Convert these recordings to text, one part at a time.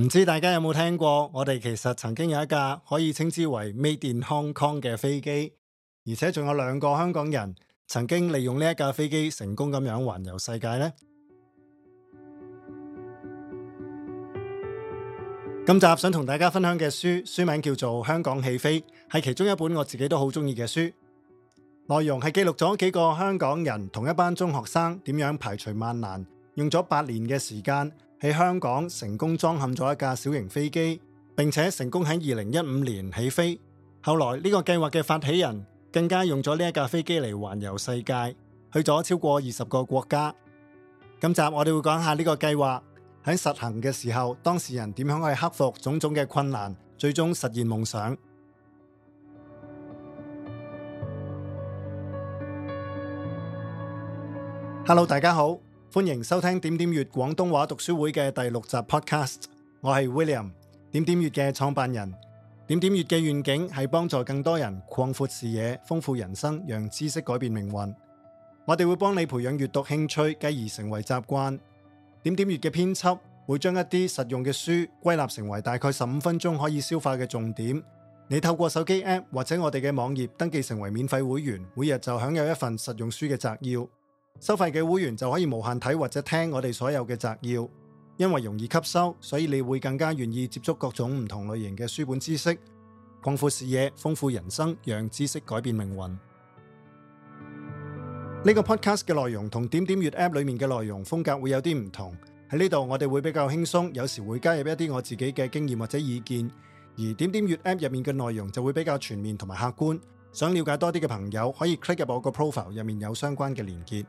唔知大家有冇聽過，我哋其實曾經有一架可以稱之為 Made in Hong Kong 嘅飛機，而且仲有兩個香港人曾經利用呢一架飛機成功咁樣環遊世界呢。今集想同大家分享嘅書，書名叫做《香港起飛》，係其中一本我自己都好中意嘅書。內容係記錄咗幾個香港人同一班中學生點樣排除萬難，用咗八年嘅時間。喺香港成功裝嵌咗一架小型飛機，並且成功喺二零一五年起飛。後來呢個計劃嘅發起人更加用咗呢一架飛機嚟環遊世界，去咗超過二十個國家。今集我哋會講下呢個計劃喺實行嘅時候，當事人點樣去克服種種嘅困難，最終實現夢想。Hello，大家好。歡迎收聽點點閱廣東話讀書會嘅第六集 podcast，我係 William，點點閱嘅創辦人。點點閱嘅願景係幫助更多人擴闊視野、豐富人生，讓知識改變命運。我哋會幫你培養閱讀讀興趣，繼而成為習慣。點點閱嘅編輯會將一啲實用嘅書歸納成為大概十五分鐘可以消化嘅重點。你透過手機 app 或者我哋嘅網頁登記成為免費會員，每日就享有一份實用書嘅摘要。收費嘅會員就可以無限睇或者聽我哋所有嘅摘要，因為容易吸收，所以你會更加願意接觸各種唔同類型嘅書本知識，擴闊視野，豐富人生，讓知識改變命運。呢、 個 podcast 嘅內容同點點閱 App 裏面嘅內容風格會有啲唔同，喺呢度我哋會比較輕鬆，有時會加入一啲我自己嘅經驗或者意見，而點點閱 App 入面嘅內容就會比較全面同埋客觀。想了解多啲嘅朋友可以 click 入我個 profile 入面有相關嘅連結。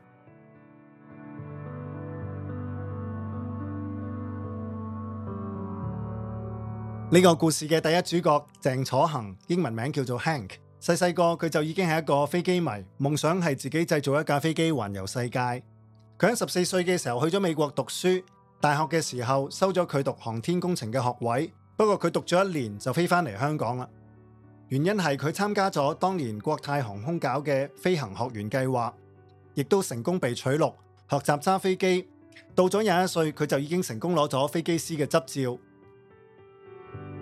呢、這個故事嘅第一主角鄭楚衡，英文名叫做 Hank。細細個佢就已經係一個飛機迷，夢想係自己製造一架飛機環遊世界。佢喺十四歲嘅時候去咗美國讀書，大學嘅時候收咗佢讀航天工程嘅學位。不過佢讀咗一年就飛翻嚟香港啦。原因係佢參加咗當年國泰航空搞嘅飛行學員計劃，亦都成功被取錄學習揸飛機。到咗廿一歲，佢就已經成功攞咗飛機師嘅執照。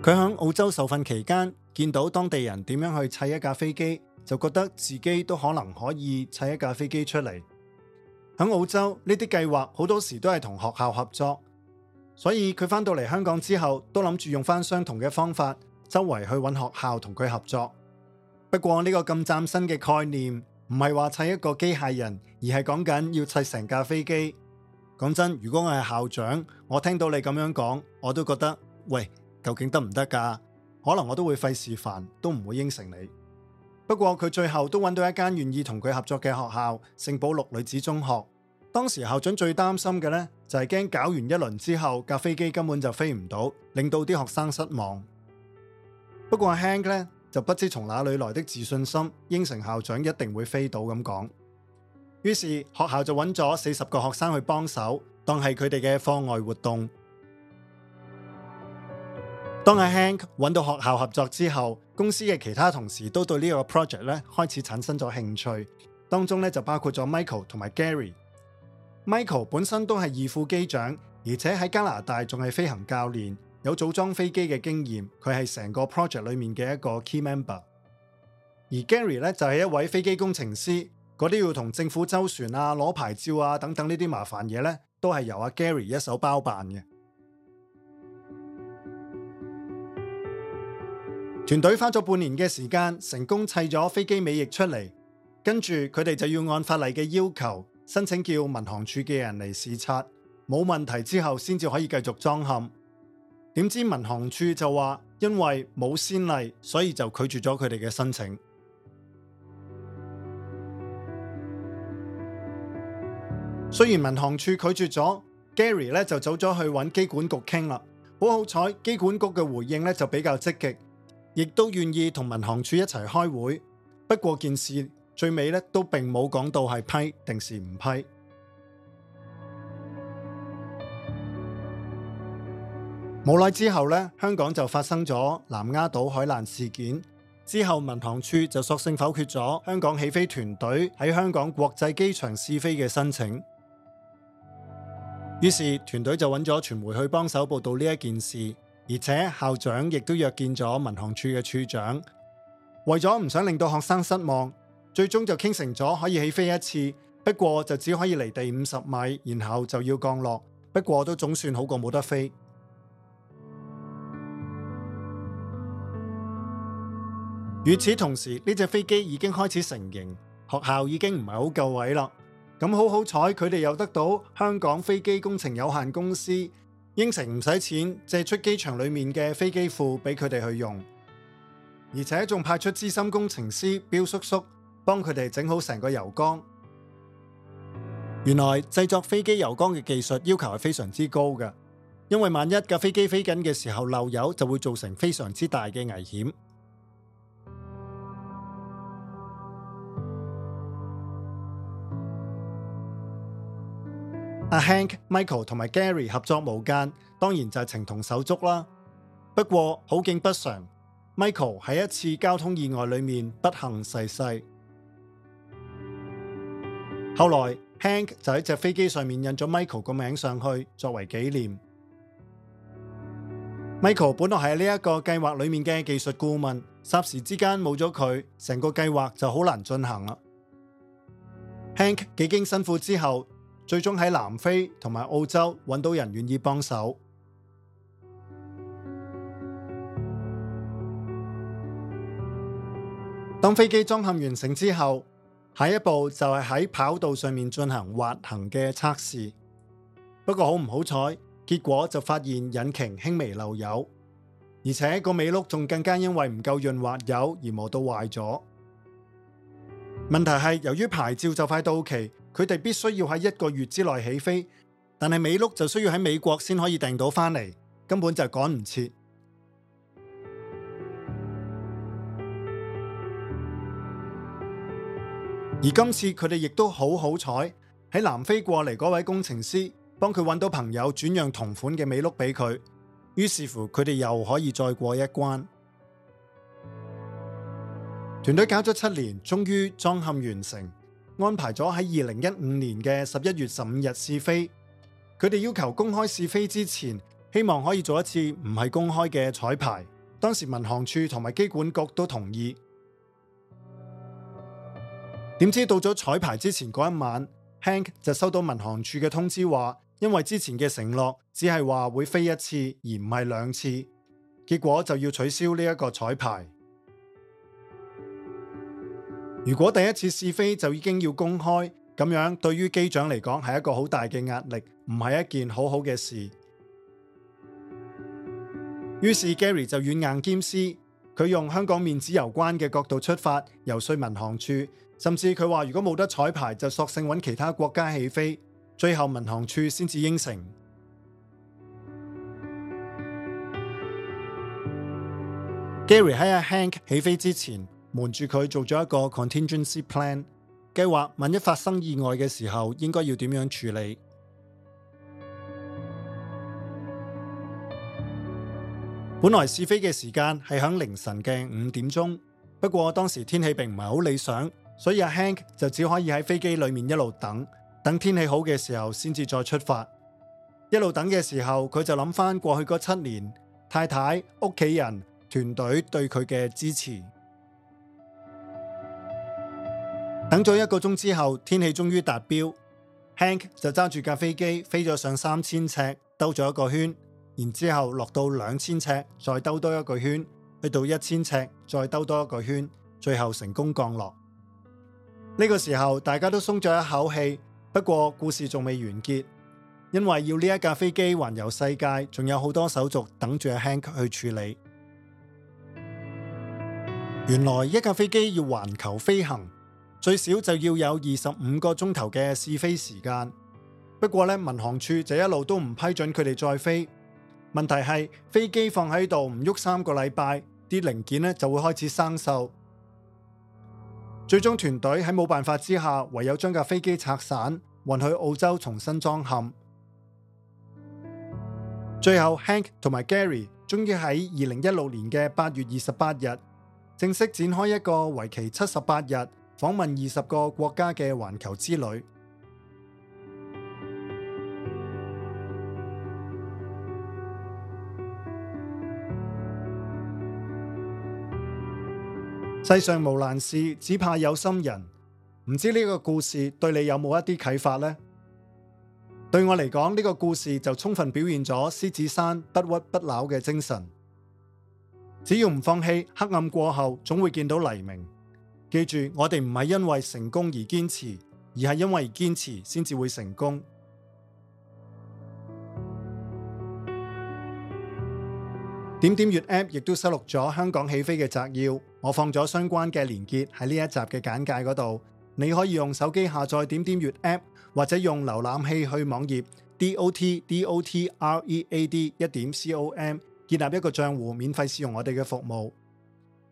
佢喺澳洲受訓期間，見到當地人點樣去砌一架飛機，就覺得自己都可能可以砌一架飛機出嚟。喺澳洲，呢啲計劃好多時都係同學校合作，所以佢翻到嚟香港之後都諗住用翻相同嘅方法，周圍去搵學校同佢合作。不過呢個咁嶄新嘅概念，唔係話砌一個機械人，而係講緊要砌成架飛機。講真，如果我係校長，我聽到你咁樣講，我都覺得喂。究竟得唔得噶？可能我都會費事煩，都唔會應承你。不過佢最後都揾到一間願意同佢合作嘅學校——聖保祿女子中學。當時校長最擔心嘅呢，就係驚搞完一輪之後架飛機根本就飛唔到，令到啲學生失望。不過阿 Hank 咧，就不知從哪裡來的自信心，應承校長一定會飛到咁講。於是學校就揾咗四十個學生去幫手，當係佢哋嘅課外活動。當阿 Hank 揾到學校合作之後，公司嘅其他同事都對呢個 project 咧開始產生咗興趣，當中咧就包括咗 Michael 同埋 Gary。Michael 本身都係二副機長，而且喺加拿大仲係飛行教練，有組裝飛機嘅經驗，佢係成個 project 裏面嘅一個 key member。而 Gary 咧就係一位飛機工程師，嗰啲要同政府周旋啊、攞牌照啊等等呢啲麻煩嘢咧，都係由阿 Gary 一手包辦嘅。團隊花咗半年嘅時間，成功砌咗飛機尾翼出嚟，跟住佢哋就要按法例嘅要求，申請叫民航處嘅人嚟視察，冇問題之後，先至可以繼續裝嵌。點知民航處就話，因為冇先例，所以就拒絕咗佢哋嘅申請。雖然民航處拒絕咗，Gary 咧就走咗去揾機管局傾啦，好好彩，機管局嘅回應咧就比較積極。亦都願意同民航處一齊開會，不過件事最尾咧都並冇講到係批定是唔批。冇耐之後咧，香港就發生咗南丫島海難事件，之後民航處就索性否決咗香港起飛團隊喺香港國際機場試飛嘅申請。於是團隊就揾咗傳媒去幫手報道呢一件事。而且校長亦都約見咗民航處嘅處長，為咗唔想令到學生失望，最終就傾成咗可以起飛一次，不過就只可以離地五十米，然後就要降落。不過都總算好過冇得飛。與此同時，呢隻飛機已經開始成型，學校已經唔係好夠位啦。咁好好彩，佢哋又得到香港飛機工程有限公司。應承唔使錢，借出機場裏面嘅飛機庫俾佢哋去用，而且仲派出資深工程師標叔叔幫佢哋整好成個油缸。原來製作飛機油缸嘅技術要求係非常之高嘅，因為萬一架飛機飛緊嘅時候漏油，就會造成非常之大嘅危險。阿、啊、Hank、Michael 同埋 Gary 合作無間，當然就係情同手足啦。不過好景不常，Michael 喺一次交通意外裏面不幸逝世。後來 Hank 就喺隻飛機上面印咗 Michael 個名上去，作為紀念。Michael 本來係呢一個計劃裏面嘅技術顧問，霎時之間冇咗佢，成個計劃就好難進行啦。Hank 幾經辛苦之後。最終喺南非同埋澳洲揾到人願意幫手。當飛機裝嵌完成之後，下一步就係喺跑道上面進行滑行嘅測試。不過好唔好彩，結果就發現引擎輕微漏油，而且個尾轆仲更加因為唔夠潤滑油而磨到壞咗。問題係由於牌照就快到期。佢哋必須要喺一個月之內起飛，但係尾轆就需要喺美國先可以訂到翻嚟，根本就趕唔切。而今次佢哋亦都好好彩，喺南非過嚟嗰位工程師幫佢揾到朋友轉讓同款嘅尾轆俾佢，於是乎佢哋又可以再過一關。團隊搞咗七年，終於裝嵌完成。安排咗喺二零一五年嘅十一月十五日試飛，佢哋要求公開試飛之前，希望可以做一次唔係公開嘅彩排。當時民航處同埋機管局都同意。點知到咗彩排之前嗰一晚，Hank 就收到民航處嘅通知，話因為之前嘅承諾只係話會飛一次，而唔係兩次，結果就要取消呢一個彩排。如果第一次試飛就已經要公開，咁樣對於機長嚟講係一個好大嘅壓力，唔係一件好好嘅事。於是 Gary 就軟硬兼施，佢用香港面子有關嘅角度出發游說民航處，甚至佢話如果冇得彩排就索性揾其他國家起飛。最後民航處先至應承。 Gary 喺阿 Hank 起飛之前。瞞住佢做咗一個 contingency plan 計劃，萬一發生意外嘅時候，應該要點樣處理？本來試飛嘅時間係響凌晨嘅五點鐘，不過當時天氣並唔係好理想，所以阿 Hank 就只可以喺飛機裏面一路等，等天氣好嘅時候先至再出發。一路等嘅時候，佢就諗翻過去嗰七年太太、屋企人、團隊對佢嘅支持。等咗一個鐘之後，天氣終於達標，Hank 就揸住架飛機飛咗上三千尺，兜咗一個圈，然之後落到兩千尺，再兜多一個圈，去到一千尺，再兜多一個圈，最後成功降落。呢個時候大家都鬆咗一口氣，不過故事仲未完結，因為要呢一架飛機環遊世界，仲有好多手續等住阿 Hank 去處理。原來一架飛機要環球飛行。最少就要有二十五個鐘頭嘅試飛時間。不過咧，民航處就一路都唔批准佢哋再飛。問題係飛機放喺度唔喐三個禮拜，啲零件咧就會開始生銹。最終團隊喺冇辦法之下，唯有將架飛機拆散，運去澳洲重新裝嵌。最後，Hank 同埋 Gary 終於喺二零一六年嘅八月二十八日，正式展開一個為期七十八日，訪問二十個國家嘅環球之旅。世上無難事，只怕有心人。唔知呢個故事對你有冇一啲啟發呢？對我嚟講，呢個故事就充分表現咗獅子山不屈不撓嘅精神。只要唔放棄，黑暗過後總會見到黎明。記住，我哋唔係因為成功而堅持，而係因為堅持先至會成功。點點閱 App 亦都收錄咗香港起飛嘅摘要，我放咗相關嘅連結喺呢一集嘅簡介嗰度。你可以用手機下載點點閱 App，或者用瀏覽器去網頁 dot dot read 一點 com 建立一個賬戶，免費試用我哋嘅服務。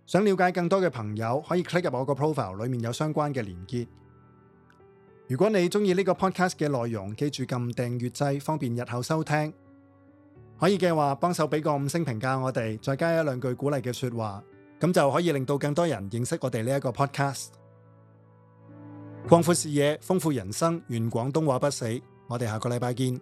想了解更多嘅朋友，可以 click 入我個 profile，裏面有相關嘅連結。如果你中意呢個 podcast 嘅內容，記住撳訂閱掣，方便日後收聽。可以嘅話，幫手俾個五星評價我哋，再加一兩句鼓勵嘅說話，咁就可以令到更多人認識我哋呢一個 podcast。擴闊視野，豐富人生，願廣東話不死。我哋下個禮拜見。